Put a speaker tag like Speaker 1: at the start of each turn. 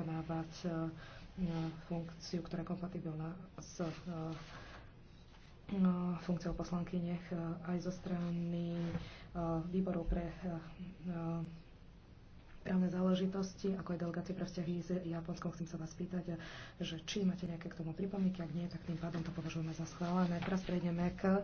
Speaker 1: vykonávať eh, funkciu, ktorá je kompatibilná s eh, eh, funkciou nech aj zo strany výborov pre právne záležitosti, ako aj delegácie pre vzťahy s Japonskom. Chcem sa vás pýtať, že či máte nejaké k tomu pripomienky, ak nie, tak tým pádom to
Speaker 2: považujeme za schválené. Teraz prejdeme k